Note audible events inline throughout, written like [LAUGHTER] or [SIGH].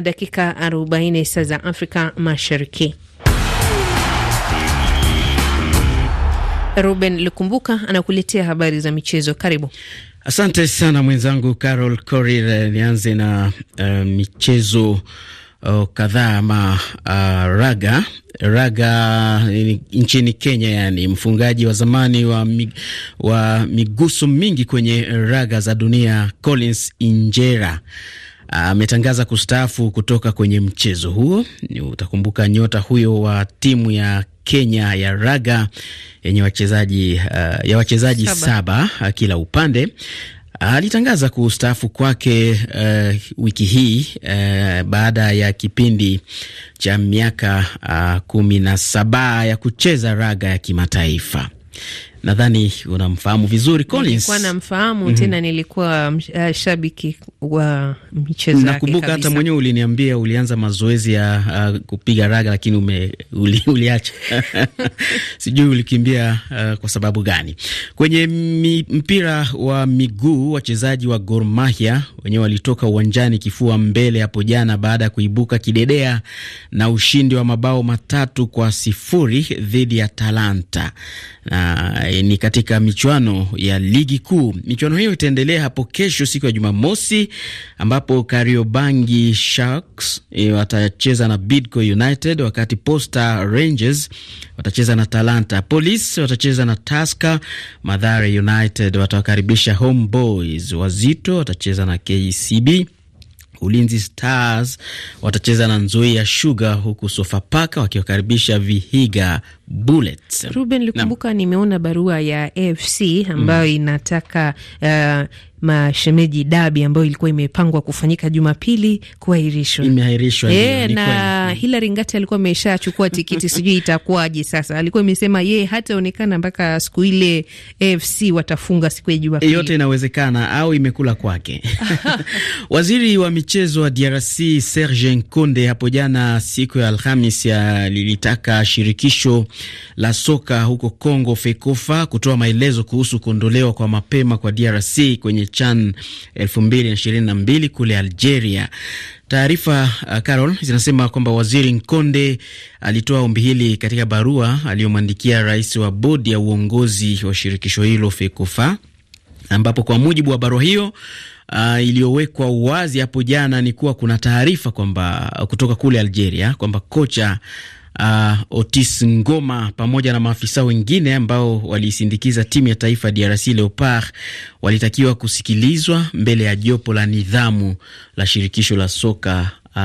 Dakika 40 saa za Afrika Mashariki. Ruben Lukumbuka anakuletea habari za michezo. Karibu. Asante sana mwenzangu Carol Korir. Eh, nianze na uh, michezo uh, kadhaa ama uh, raga raga nchini Kenya, yani mfungaji wa zamani wa, mig, wa miguso mingi kwenye raga za dunia Collins Injera ametangaza kustaafu kutoka kwenye mchezo huo. Utakumbuka nyota huyo wa timu ya Kenya ya raga yenye wachezaji uh, ya wachezaji saba, saba uh, kila upande alitangaza kustaafu kwake uh, wiki hii uh, baada ya kipindi cha miaka uh, kumi na saba ya kucheza raga ya kimataifa nadhani unamfahamu vizuri Collins. Nilikuwa namfahamu mm -hmm. Tena nilikuwa uh, shabiki wa mchezo wake. Nakumbuka hata mwenyewe uliniambia ulianza mazoezi ya uh, kupiga raga lakini ume, uli, [LAUGHS] uliacha [LAUGHS] sijui ulikimbia uh, kwa sababu gani. Kwenye mpira wa miguu wachezaji wa Gor Mahia wenyewe walitoka uwanjani kifua mbele hapo jana baada ya kuibuka kidedea na ushindi wa mabao matatu kwa sifuri dhidi ya Talanta na e, ni katika michuano ya ligi kuu. Michuano hiyo itaendelea hapo kesho siku ya Jumamosi, ambapo Kariobangi Sharks e, watacheza na Bidco United, wakati Posta Rangers watacheza na Talanta, Police watacheza na Taska, Madhare United watawakaribisha Homeboys, Wazito watacheza na KCB, Ulinzi Stars watacheza na Nzoia Sugar, huku Sofapaka wakiwakaribisha Vihiga Bullets. Ruben Lukumbuka, nimeona barua ya AFC ambayo mm. inataka uh, mashemeji dabi ambayo ilikuwa imepangwa kufanyika Jumapili kuahirishwa, imeahirishwa e, na Hilary Ngati alikuwa ameshachukua tikiti [LAUGHS] sijui itakuwaje sasa. Alikuwa imesema yeye hataonekana mpaka siku ile AFC watafunga siku ya Jumapili. Yote inawezekana au imekula kwake. [LAUGHS] [LAUGHS] Waziri wa michezo wa DRC Serge Nkonde hapo jana siku ya Alhamis alilitaka shirikisho la soka huko Congo, FEKOFA, kutoa maelezo kuhusu kuondolewa kwa mapema kwa DRC kwenye CHAN 2022 kule Algeria. Taarifa uh, Carol zinasema kwamba waziri Nkonde alitoa ombi hili katika barua aliyomwandikia rais wa bodi ya uongozi wa shirikisho hilo FEKOFA, ambapo kwa mujibu wa barua hiyo Uh, iliyowekwa wazi hapo jana ni kuwa kuna taarifa kwamba uh, kutoka kule Algeria kwamba kocha uh, Otis Ngoma pamoja na maafisa wengine ambao waliisindikiza timu ya taifa ya DRC Leopard walitakiwa kusikilizwa mbele ya jopo la nidhamu la shirikisho la soka Uh,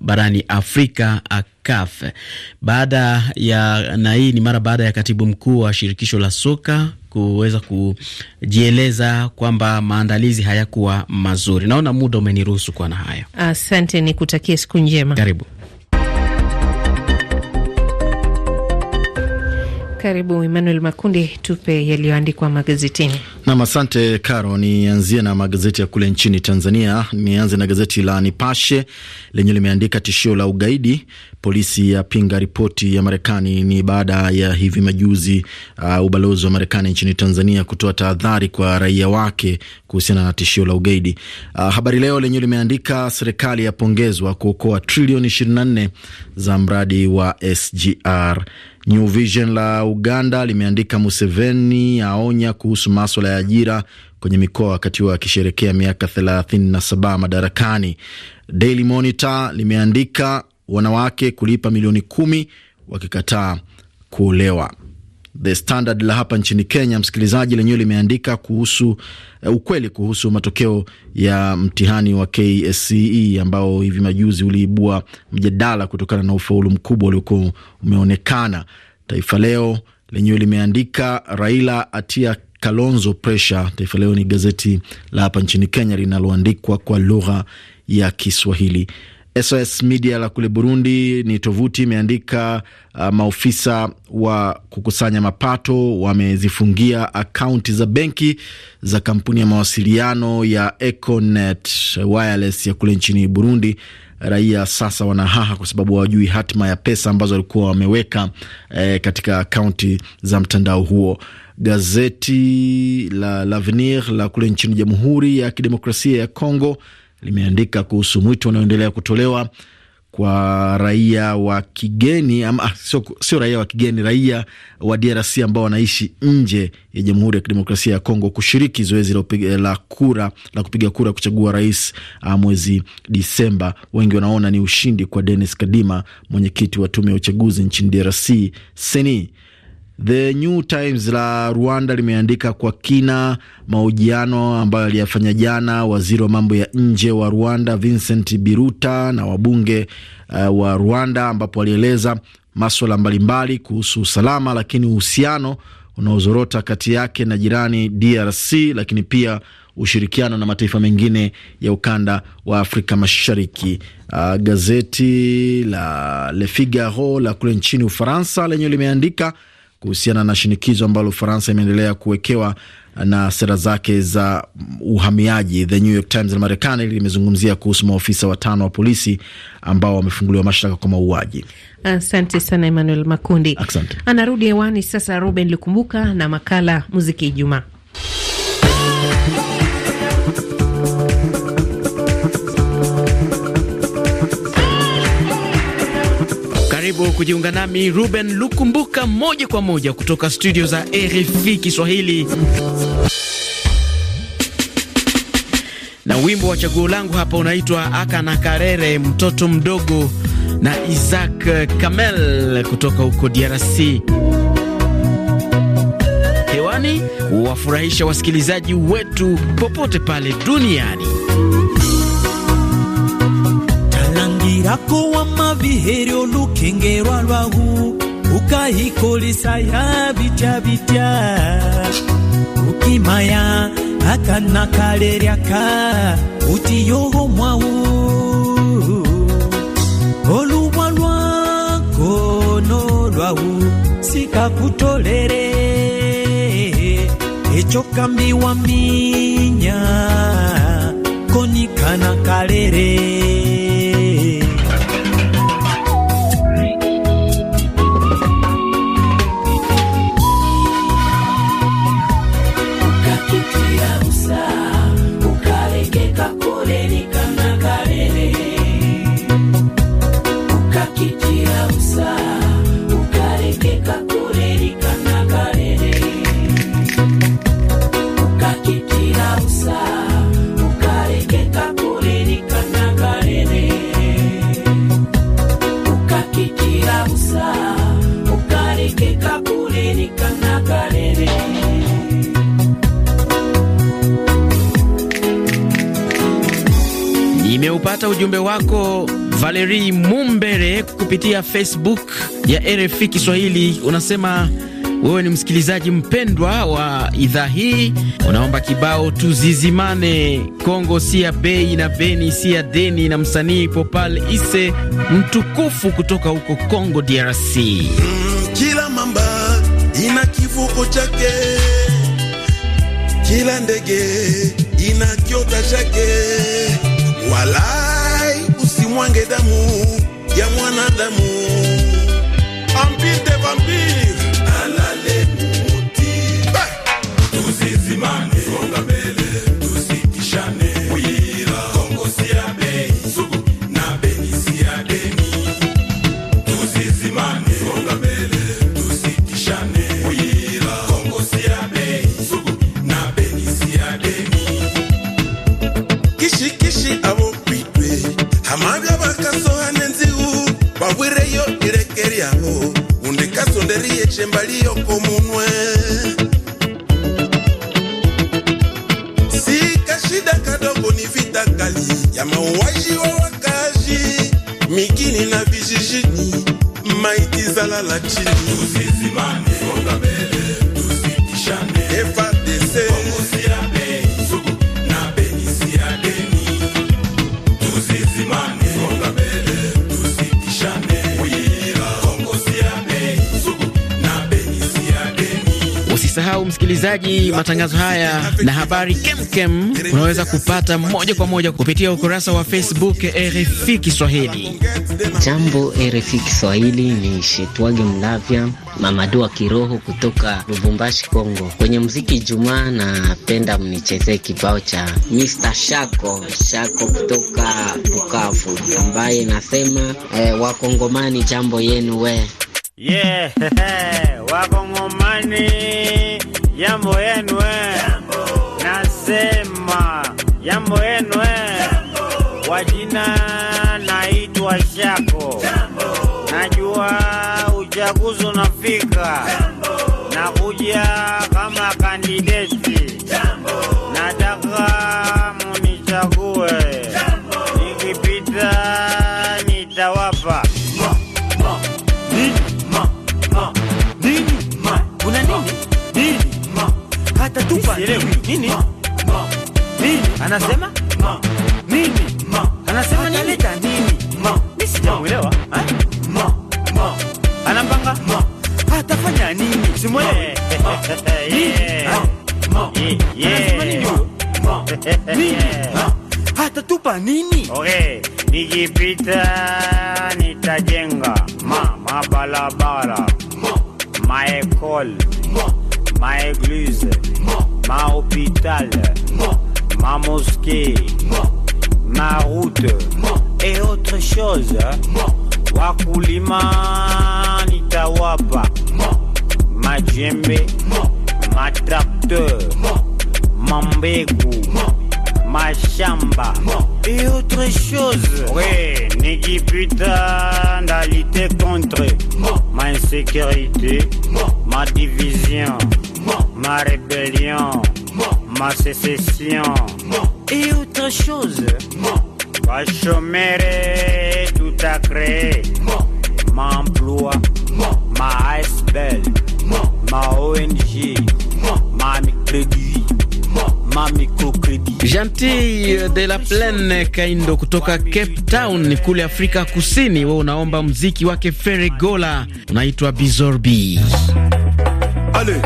barani Afrika uh, CAF baada ya na hii ni mara baada ya katibu mkuu wa shirikisho la soka kuweza kujieleza kwamba maandalizi hayakuwa mazuri. Naona muda umeniruhusu kuwa na hayo. Asante, kutakia siku njema. Karibu. Karibu Emmanuel Makundi, tupe yaliyoandikwa magazetini. Nam, asante Caro. Nianzie na magazeti ya kule nchini Tanzania. Nianze na gazeti la Nipashe lenye limeandika tishio la ugaidi, polisi yapinga ripoti ya Marekani. Ni baada ya hivi majuzi uh, ubalozi wa Marekani nchini Tanzania kutoa tahadhari kwa raia wake kuhusiana na tishio la ugaidi. Uh, Habari Leo lenyewe limeandika serikali yapongezwa kuokoa trilioni 24 za mradi wa SGR New Vision la Uganda limeandika Museveni aonya kuhusu maswala ya ajira kwenye mikoa wakati wa akisherekea miaka 37 madarakani. Daily Monitor limeandika wanawake kulipa milioni kumi wakikataa kuolewa. The Standard la hapa nchini Kenya, msikilizaji, lenyewe limeandika kuhusu uh, ukweli kuhusu matokeo ya mtihani wa ksce ambao hivi majuzi uliibua mjadala kutokana na ufaulu mkubwa uliokuwa umeonekana. Taifa Leo lenyewe limeandika Raila atia Kalonzo presha. Taifa Leo ni gazeti la hapa nchini Kenya linaloandikwa kwa lugha ya Kiswahili. SOS Media la kule Burundi ni tovuti imeandika, uh, maofisa wa kukusanya mapato wamezifungia akaunti za benki za kampuni ya mawasiliano ya Econet Wireless ya kule nchini Burundi. Raia sasa wanahaha kwa sababu hawajui hatima ya pesa ambazo walikuwa wameweka eh, katika akaunti za mtandao huo. Gazeti la L'Avenir la kule nchini Jamhuri ya Kidemokrasia ya Kongo limeandika kuhusu mwito unaoendelea kutolewa kwa raia wa kigeni ama ah, sio, sio raia wa kigeni, raia wa DRC ambao wanaishi nje ya Jamhuri ya Kidemokrasia ya Kongo kushiriki zoezi la kura la kupiga kura kuchagua rais ah, mwezi Disemba. Wengi wanaona ni ushindi kwa Denis Kadima, mwenyekiti wa tume ya uchaguzi nchini DRC seni The New Times la Rwanda limeandika kwa kina mahojiano ambayo aliyafanya jana waziri wa mambo ya nje wa Rwanda Vincent Biruta na wabunge uh, wa Rwanda, ambapo alieleza maswala mbalimbali kuhusu usalama, lakini uhusiano unaozorota kati yake na jirani DRC, lakini pia ushirikiano na mataifa mengine ya ukanda wa Afrika Mashariki. Uh, gazeti la Le Figaro la kule nchini Ufaransa lenyewe limeandika kuhusiana na shinikizo ambalo Ufaransa imeendelea kuwekewa na sera zake za uhamiaji. The New York Times la Marekani limezungumzia kuhusu maofisa watano wa polisi ambao wamefunguliwa mashtaka kwa mauaji. Asante sana Emmanuel Makundi. Asante. Anarudi hewani sasa Ruben Lukumbuka na makala Muziki Ijumaa. Karibu kujiunga nami Ruben Lukumbuka moja kwa moja kutoka studio za RFI Kiswahili na wimbo wa chaguo langu hapa unaitwa Akana Karere, mtoto mdogo na Isaac Kamel kutoka huko DRC. Hewani wafurahisha wasikilizaji wetu popote pale duniani. irako wamavihero olukengerwa lwahu ukahikolisa ya bitya bitya ukimaya akana kaleryaka utiyoho mwawu oluwa lwako lwahu sikakutolere echo kambiwa minya konikana kalere Valeri Mumbere kupitia Facebook ya RFI Kiswahili unasema wewe ni msikilizaji mpendwa wa idhaa hii, unaomba kibao tuzizimane, Kongo si ya bei na Beni si ya deni, na msanii Popal Ise mtukufu kutoka huko Kongo DRC. Mm, kila mamba ina kivuko chake, kila ndege ina kiota chake, wala mwange damu ya mwanadamu ambinde vampiri en Barío como msikilizaji, matangazo haya na habari kemkem unaweza kupata moja kwa moja kupitia ukurasa wa Facebook RFI Kiswahili. Jambo RFI Kiswahili, ni Shetwage Mlavya Mamadu wa kiroho kutoka Lubumbashi, Kongo. Kwenye mziki Jumaa, napenda mnichezee kibao cha Mr. Shako Shako kutoka Bukavu ambaye nasema eh, Wakongomani jambo yenu we yeah, [LAUGHS] wakongomani yambo yenu eh. nasema yambo yenu eh. kwa jina naitwa Shako Najua uchaguzi unafika na kama kandidate atatupa nini? Anasema nini? Anasema analeta nini? Mimi sijamuelewa. Anapanga atafanya nini? Simwelewi. Atatupa nini? Okay, nikipita nitajenga ma mabarabara maekol ma ma église, ma hôpital, ma mosquée, ma route et autre chose. Wakulima nitawapa Ma matrakteur, Ma chamba et autre chose. Oui, putain dalité contre ma insécurité, ma division. ma rébellion, ma sécession et autre chose. ma Vachomere, tout a créé, m'emploi, ma ASBL, ma ONG, ma microcrédit, ma microcrédit. Janti euh, de la Plaine Kaindo kutoka Cape Town kule Afrika Kusini, wewe unaomba mziki wake Ferregola unaitwa Bizorbi. Allez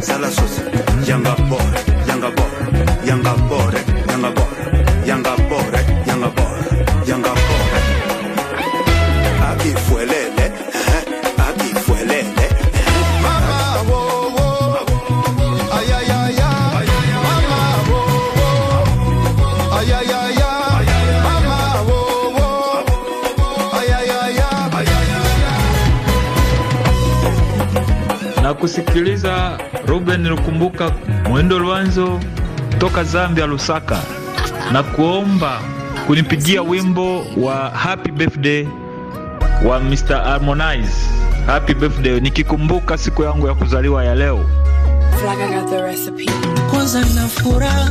Sala Sosa, Yanga Boy, Yanga Boy, Yanga Boy, Yanga Boy, Yanga Boy, Yanga Boy, Yanga Boy. Aquí fue Lele, eh, aquí fue Lele. Eh. Mama, wo, wo, ay, ay, ay, ay. Mama, wo, wo, ay, ay, ay, ay. Mama, wo, wo, ay, ay, ay, ay. Na kusikiliza nilikumbuka Mwendo Lwanzo toka Zambia, Lusaka, na kuomba kunipigia wimbo wa happy birthday wa Mr Harmonize, happy birthday, nikikumbuka siku yangu ya kuzaliwa ya leo. Kwanza na furaha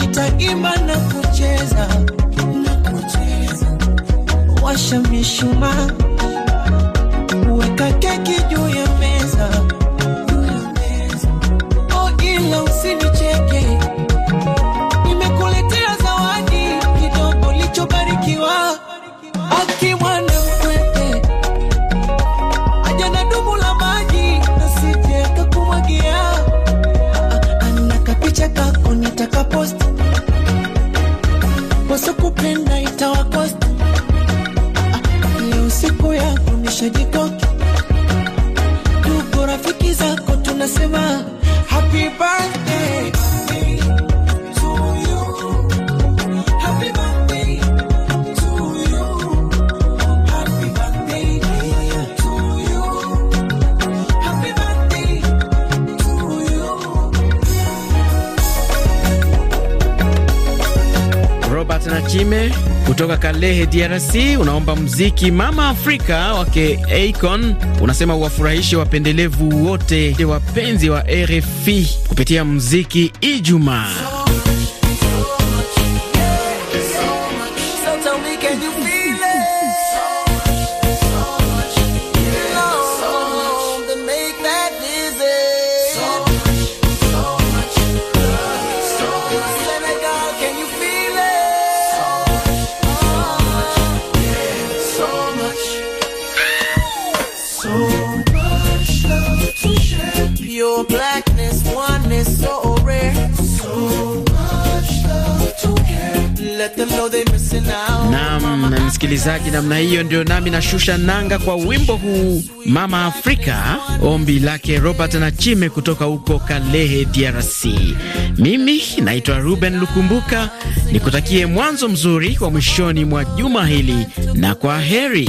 nitaimba na kucheza na kucheza, washa mishumaa, weka keki juu ya meza kutoka Kalehe, DRC, unaomba mziki Mama Afrika wake Akon. Unasema uwafurahishe wapendelevu wote wapenzi wa RFI kupitia mziki Ijumaa. Your blackness, one is so rare. So much love to care. Let them know they missing out. Nam na msikilizaji, namna hiyo ndio nami nashusha nanga kwa wimbo huu Mama Afrika, ombi lake Robert na Chime kutoka huko Kalehe, DRC. Mimi naitwa Ruben Lukumbuka, nikutakie mwanzo mzuri kwa mwishoni mwa juma hili na kwa heri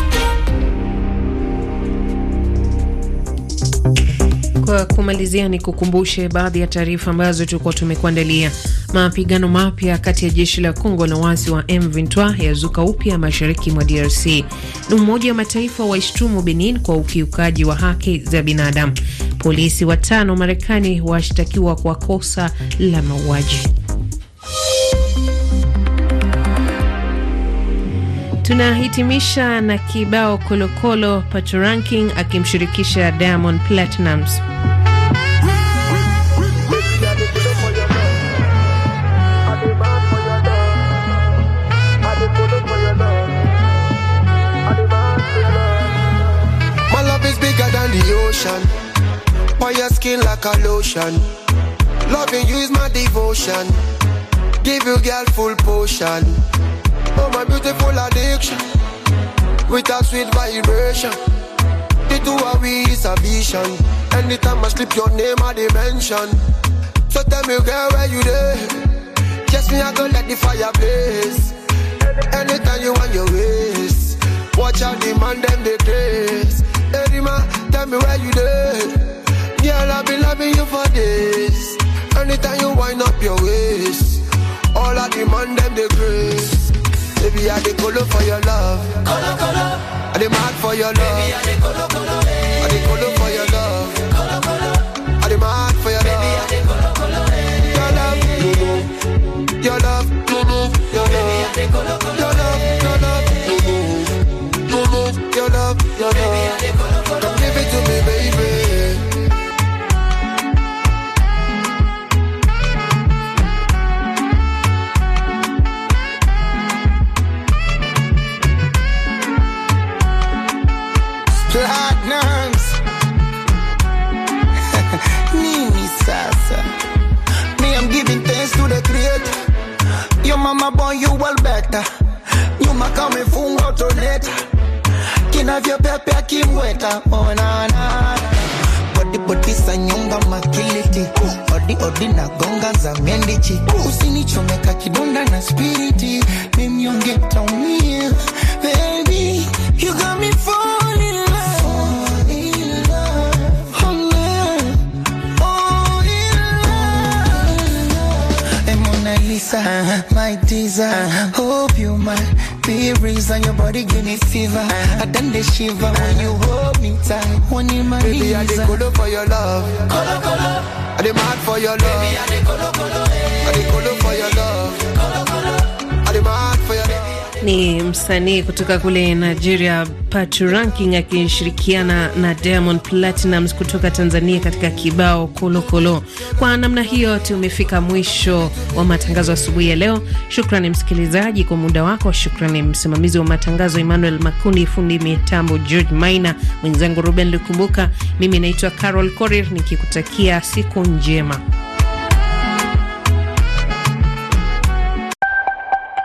Kwa kumalizia, ni kukumbushe baadhi ya taarifa ambazo tulikuwa tumekuandalia. Mapigano mapya kati ya jeshi la congo na waasi wa M23 yazuka upya mashariki mwa DRC, ni Umoja wa Mataifa waishtumu Benin kwa ukiukaji wa haki za binadamu. Polisi watano Marekani washtakiwa kwa kosa la mauaji. Tunahitimisha na kibao Kolokolo ranking akimshirikisha Diamond Platnumz. your skin like a lotion. Loving you is my devotion. Give you girl full potion. Oh, my beautiful addiction. With a sweet vibration. The two of we is a vision. Anytime I slip your name, I dimension. So tell me, girl, where you dey? Kiss me, I go let the fire blaze. Anytime you want your waist. Watch out, demand them the grace. Erima, tell me where you dey? Girl, i been loving you for days. Anytime you wind up your waist. All I demand them the grace. Baby, I the color for your love. Color, color. I the mark for your love. Baby, I the color, color. Eh. I the color for your love. dual beta, nyuma kama umefunga utoneta, kinavyopepea kimweta onana bodi bodi za nyumba makiliti odi odi na gonga za mendichi usinichomeka kidonda na spiriti mimnyonge taumia baby you got me for visa, uh-huh. my desire, Uh-huh. Hope you might be reason your body give me fever. Uh-huh. I done the shiver uh-huh. when you hold me tight. One in my Baby, I dey colo for your love. Colo colo. I dey mad for your love. Baby, I dey colo colo. Hey. Eh. I dey colo for your love. Ni msanii kutoka kule Nigeria Patu Ranking akishirikiana na Diamond Platinums kutoka Tanzania katika kibao Kolokolo kolo. Kwa namna hiyo tumefika mwisho wa matangazo asubuhi ya leo. Shukrani msikilizaji kwa muda wako. Shukrani msimamizi wa matangazo Emmanuel Makundi, fundi mitambo George Maina, mwenzangu Ruben Lukumbuka. Mimi naitwa Carol Korir nikikutakia siku njema.